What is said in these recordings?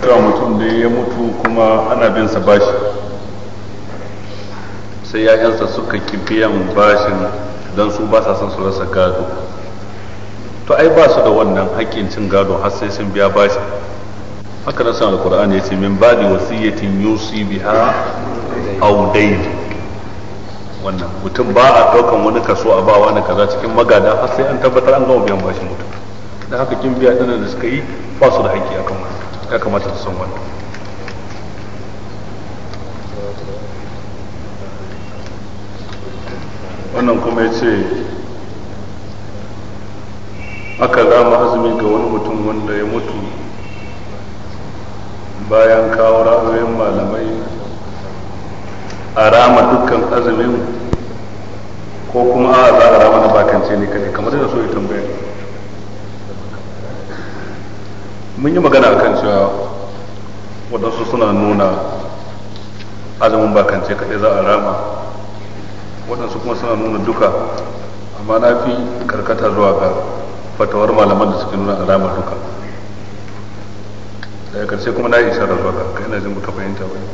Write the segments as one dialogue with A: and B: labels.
A: cewa mutum da ya mutu kuma ana bin sa bashi sai ‘ya'yansa suka ki biyan bashin don su ba sa son su rasa gado to ai ba su da wannan haƙƙin cin gado har sai sun biya bashi haka na sanar qur'ani ya ce min ba da wasiyyatin yusi biha audaini wannan mutum ba a ɗaukan wani kaso a ba wani kaza cikin magada har sai an tabbatar an gama biyan bashin mutum da haka kin biya ɗinan da suka yi ba su da haƙƙi akan wannan ya kamata su san wannan wannan kuma ya ce aka zama azumi ga wani mutum wanda ya mutu bayan kawo ra'ayoyin malamai a rama dukkan azumin ko kuma a za a rama na bakance ne kadai kamar da so ya tambaya mun yi magana kan cewa waɗansu suna nuna azumin bakance kaɗai za a rama waɗansu kuma suna nuna duka amma na fi karkata zuwa ga fatawar malaman da suke nuna alama duka daga karshe kuma na yi da zuwa ga kai na jin ka fahimta bai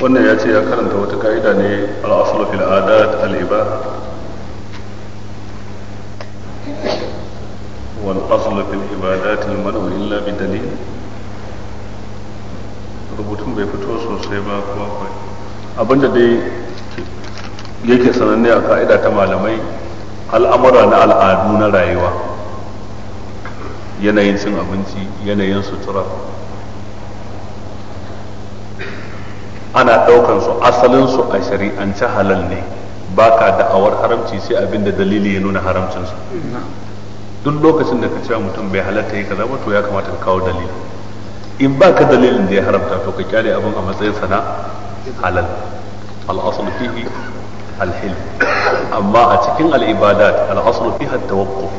A: wannan ya ce ya karanta wata ka'ida ne al'asulu fil adat al'iba wal aslu fil ibadat al manu illa bi dalil rubutun bai fito sosai ba kuma akwai abinda dai yake sananne a ka'ida ta malamai al'amura na al'adu na rayuwa yanayin cin abinci yanayin sutura ana ɗaukan su asalin su a shari'ance halal ne baka da'awar haramci sai abin da dalili ya nuna haramcin su duk lokacin da ka cewa mutum bai halatta yi kaza ba to ya kamata ka kawo dalili in baka dalilin da ya haramta to ka kyale abin a matsayin sana halal al-aslu fihi al amma a cikin al-ibadat al-aslu fiha at-tawaqquf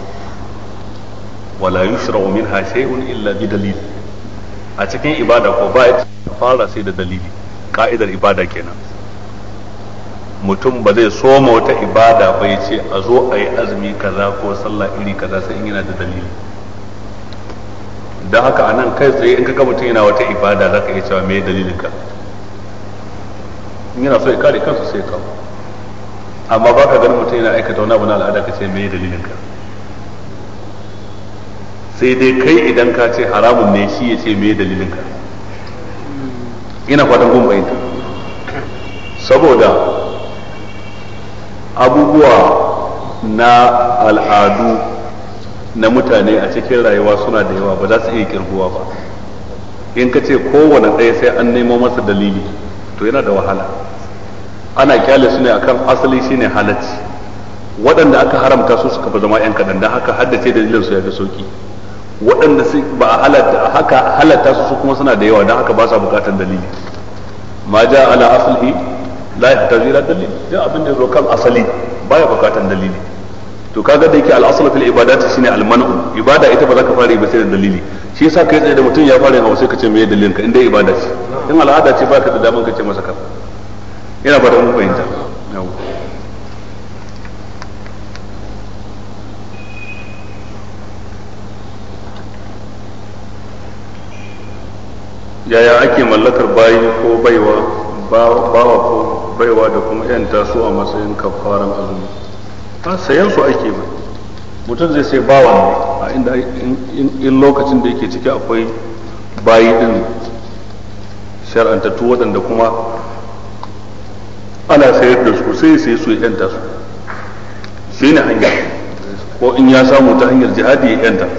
A: wala yushra'u minha shay'un illa bi dalil a cikin ibada ko ba fara sai da dalili ka'idar ibada kenan mutum ba zai soma wata ibada ba ya ce a zo a yi azumi kaza ko sallah iri kaza sai in yana da dalili don haka a nan kai tsaye in kaga mutum yana wata ibada za ka iya cewa me dalilin ka in yana so ya kare kansa sai ka amma ba ka ganin mutum yana aikata wani abu na al'ada ka ce me dalilin ka sai dai kai idan ka ce haramun ne shi ya ce me dalilin ka ina fatan kun bayyana saboda abubuwa na al'adu na mutane a cikin rayuwa suna da yawa ba za su iya kirguwa ba in ka ce kowane ɗaya sai an nemo masa dalili to yana da wahala ana kyale su ne akan asali shi ne halacci waɗanda aka haramta su suka fi zama 'yan kaɗan don haka haddace dalilin su ya fi sauki waɗanda su ba a halatta haka halatta su su kuma suna da yawa don haka ba sa bukatar dalili ma ja ala asali la yahtaji ila dalili don abin da zo kan asali ya bukatar dalili to kaga da yake al-aslu fil ibadati shine al almanu. ibada ita ba za ka fara ba sai da dalili shi yasa kai tsaye da mutum ya fara yin abu sai ka ce me dalilin ka inda ibada ce in al'ada ce ba ka da daman ka ce masa kafa. ina ba da mun fahimta yaya ake mallakar bayi ko baiwa bawa ko baiwa da kuma yan taso a matsayin kafaran azumi a sayan su ake ba mutum zai sai bawa a inda in lokacin da yake ciki akwai bayi din shar'antattu waɗanda kuma ana sayar da su sai sai su yanta su shi ne hanya ko in ya samu ta hanyar jihadi ya yanta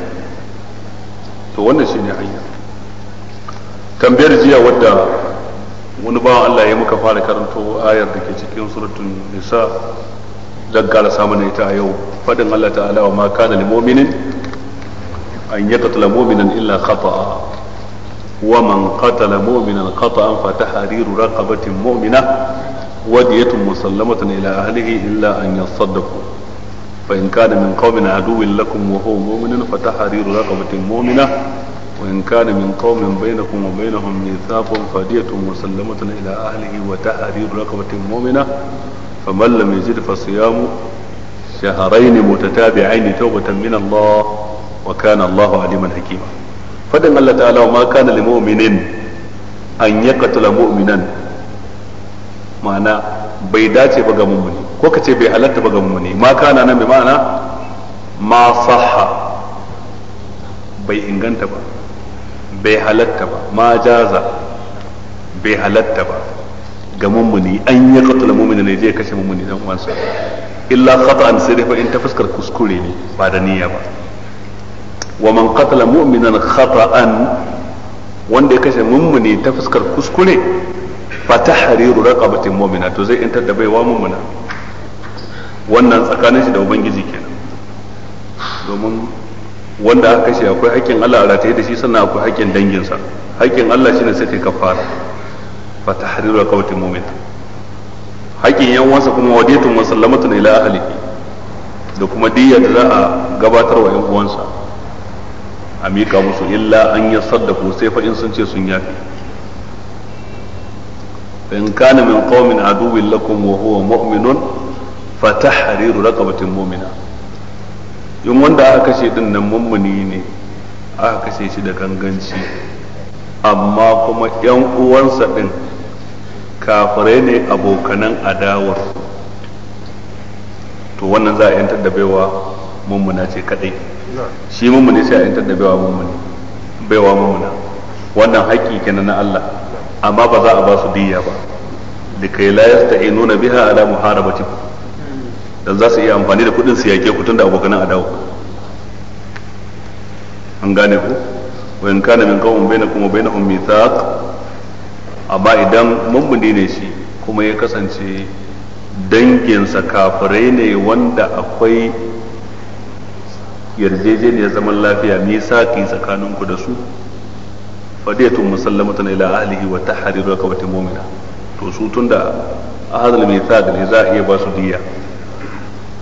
A: to wannan shi ne hanya tambayar jiya wadda wani bawan Allah ya muka fara karanto ayar da ke cikin suratun nisa zan kara samun ita a yau fadin Allah ta'ala wa ma kana lil mu'minin an yaqtala mu'minan illa khata'a wa man qatala mu'minan qata'an fa tahriru raqabatin mu'mina ودية مسلمة إلى أهله إلا أن يصدقوا فإن كان من قوم عدو لكم وهو مؤمن فتحرير رقبة مؤمنة وإن كان من قوم بينكم وبينهم ميثاق فدية مسلمة إلى أهله وتحرير رقبة مؤمنة فمن لم يجد فصيام شهرين متتابعين توبة من الله وكان الله عليما حكيما فدن الله تعالى وما كان لمؤمن أن يقتل مؤمنا معنى bai dace ba ga mummuni ko ka ce bai halatta ba ga mummuni ma kana nan bi ma'ana ma sahha bai inganta ba bai halatta ba ma jaza bai halatta ba ga mummuni an yi katula mummuni ne zai kashe mummuni dan uwansa illa khata'an sai dai in ta fuskar kuskure ne ba da niyya ba wa man qatala mu'minan khata'an wanda ya kashe mummuni ta fuskar kuskure fa tahriru raqabatin mu'mina to zai intar da baiwa mummuna wannan tsakanin shi da ubangiji kenan domin wanda aka kashe akwai haƙƙin Allah a rataye da shi sannan akwai haƙƙin danginsa haƙƙin Allah shine sai kai kafara fa tahriru qawti mu'min haƙƙin yan wasa kuma wadiyatun wa sallamatun ila ahlihi da kuma diyya da za a gabatar wa yan uwansa a miƙa musu illa an yasaddaku sai fa in sun ce sun yafi in kana min qaumin aduwwin lakum wa huwa mu'minun fa tahriru raqabatin mu'mina yin wanda aka kashe din nan mummuni ne aka kashe shi da ganganci amma kuma yan uwansa din kafirai ne abokanan adawar to wannan za a yantar da baiwa mummuna ce kadai shi mummuni sai a yantar da baiwa mummuni baiwa mummuna wannan haƙƙi kenan na Allah amma ba za a ba su diyya ba likai la yasta'inuna biha ala muharabati dan za su iya amfani da kudin su yake ku tunda a dawo. an gane ku wa in kana min qawmin bainakum wa bainahum mithaq amma idan mummuni ne shi kuma ya kasance danginsa kafirai ne wanda akwai yarjejeniyar zaman lafiya misaki tsakaninku da su fadiyatun musallamatan ila ahlihi wa tahriru raqabatin mu'mina to su tunda ahadul mithaq ne za a iya ba su diya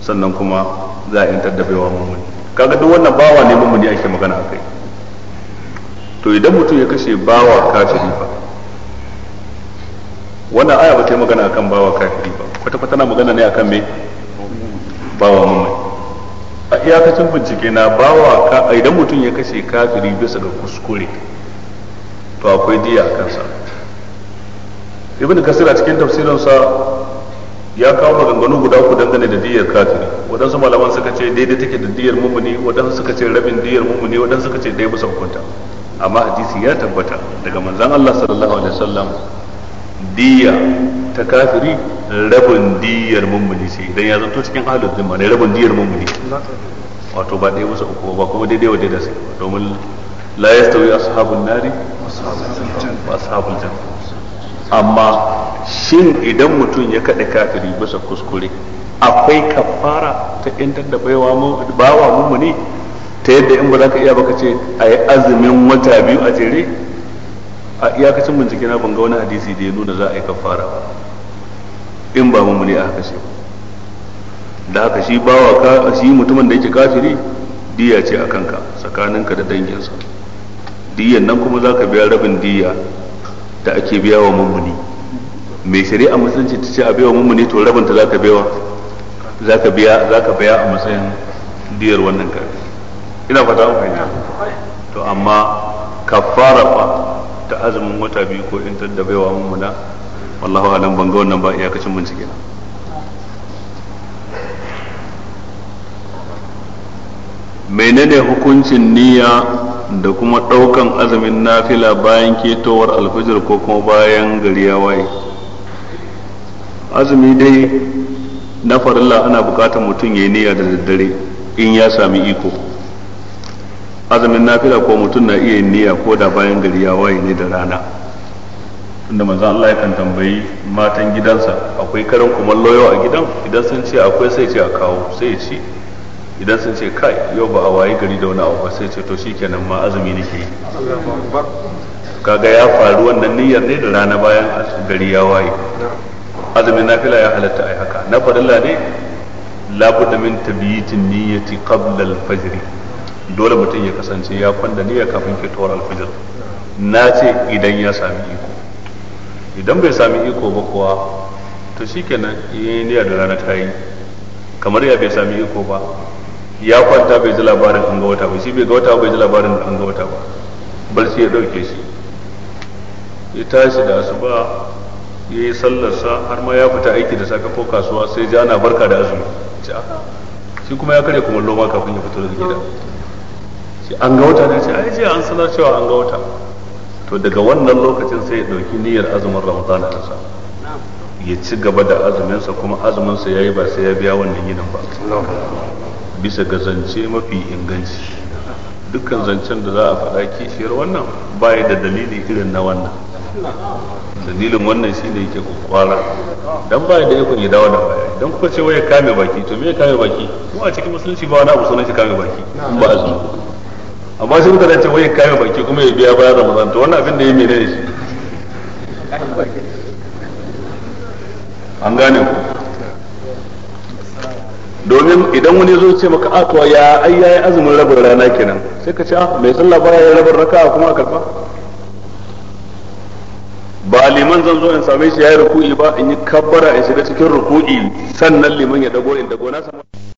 A: sannan kuma za a yantar da baiwa mummuni kaga duk wannan bawa ne mummuni ake magana akai to idan mutum ya kashe bawa kafiri fa wannan aya ba ta yi magana akan bawa kafiri ba kwata kwata na magana ne akan me bawa mummuni a iyakacin bincike na bawa ka idan mutum ya kashe kafiri bisa ga kuskure to akwai diya a kansa ibn kasira cikin tafsirinsa ya kawo maganganu guda uku dangane da diyar kafiri waɗansu malaman suka ce daidai take da diyar mummuni waɗansu suka ce rabin diyar mummuni waɗansu suka ce ɗaya bisa hukunta amma hadisi ya tabbata daga manzon Allah sallallahu alaihi wasallam diya ta kafiri rabin diyar mummuni sai idan ya zanto cikin ahlul zimma ne rabin diyar mummuni wato ba ɗaya bisa uku ba kuma daidai wa daidai sai domin la yastawi ashabun nari wa ashabul janna amma shin idan mutum ya kaɗa kafiri bisa kuskure akwai kafara ta intar da baiwa mu bawa mu ne ta yadda in ba za ka iya baka ce a yi azumin wata biyu a jere a iyakacin bincike na banga wani hadisi da ya nuna za a yi kafara in ba mu ne a haka shi da haka shi bawa ka shi mutumin da yake kafiri diya ce a kanka tsakaninka da danginsa diyan nan kuma za ka biya rabin diya da ake biya wa mummuni mai shari'a musulunci ta ce a baiwa mummuni to rabinta za ka baiwa za ka biya za ka a matsayin diyar wannan karfi ina fata ku fahimta to amma kafara fa ta azumin wata biyu ko in ta da baiwa mummuna wallahu alam ban ga wannan ba iyakacin bincike na menene hukuncin niyya da kuma ɗaukan azumin nafila bayan ketowar alfijir ko kuma bayan gari ya waye azumi dai na farilla ana bukatar mutum ya yi niyya da daddare in ya sami iko azumin nafila ko mutum na iya yin niyya ko da bayan gari ya waye ne da rana tunda manzon Allah kan tambayi matan gidansa akwai karin kumallo yau a gidan idan sun ce akwai sai ce a kawo sai ya ce idan sun ce kai yau ba a waye gari da wani abu ba sai ce to shikenan ma azumi nake yi kaga ya faru wannan niyyar ne da rana bayan gari ya waye azumin nafila ya halatta ai haka na farilla ne labudda min tabiyitin niyyati qabla al-fajr dole mutum ya kasance ya kwanda niyya kafin fitowar al-fajr na ce idan ya sami iko idan bai sami iko ba kuwa to shikenan yayin niyya da rana ta yi kamar ya bai sami iko ba ya kwanta bai ji labarin an ga wata ba shi bai ga wata bai ji labarin an ga wata ba bar shi ya dauke shi ya tashi da asuba ya yi sallarsa har ma ya fita aiki da sakafo kasuwa sai ji ana barka da azumi ah, shi kuma ya karya kuma loma kafin ya fito daga gida shi an ga wata ne ce ai jiya an sanar cewa an ga wata to daga wannan lokacin sai ya dauki niyyar azumin ramadan da sa ya ci gaba da azuminsa kuma azuminsa ya yi ba sai ya biya wannan yinin ba bisa ga zance mafi inganci dukkan zancen da za a faɗa kishiyar wannan baya da dalili irin na wannan dalilin wannan shi ne yake kwakwara don ba da yakun ya dawo da baya don kuka ce waya kame baki to me kame baki mu a cikin musulunci ba wani abu sunan shi kame baki ba a zuwa amma sai mutane ce waya kame baki kuma ya biya bayan ramadan to wannan abin da ya mene ne shi an gane ku domin idan wani zo ce maka atuwa ah, ya ai yayi azumin rabin rana kenan sai ka ce ah, mai sallah baya ya rabin raka kuma a ba liman zan zo in same shi yayi ruku'i ba in yi kabbara in shiga cikin ruku'i sannan liman ya dago in dago na samu